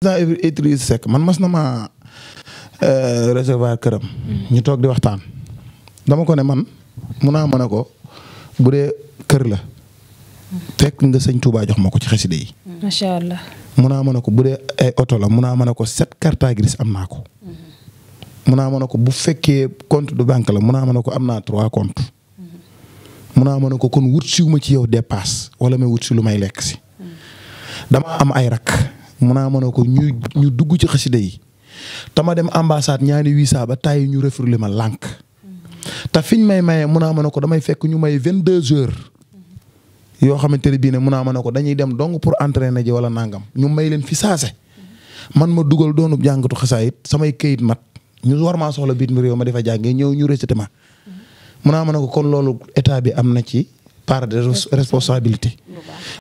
président Idriss Seck man mas na ma euh, recevoir këram. ñu toog di waxtaan. dama ko ne man mun naa mën a ko bu dee kër la. fekk nga sëñ Touba jox ma ko ci xesi yi. macha allah mun naa mën a ko bu dee ay oto la mun naa mën a ko sept carte grise am naa ko. mun naa mën a ko bu fekkee compte du banque la mun naa mën a ko am naa trois compte mun naa mën a ko kon wut siwu ma ci yow dépasse wala may wut si lu may lekk si. dama am ay rak. mënaa mane ko ñu ñu dugg ci xasida yi tama dem ambassade ñaani visa ba tàyyi ñu refouler ma lànk te fiñ may maye mënaa mënoo ko damay fekk ñu may vingt deux heures yoo xamante ne bii ne mënaa mënoo ko dañuy dem dong pour na ji wala nangam ñu may leen fi saase man ma dugal doonu jàngatu xasaayit samay kayit mat ñu war maa soxla bitim réew ma defa jàngee ñëw ñu récité ma mënaa ko kon loolu état bi am na ci part de responsabilité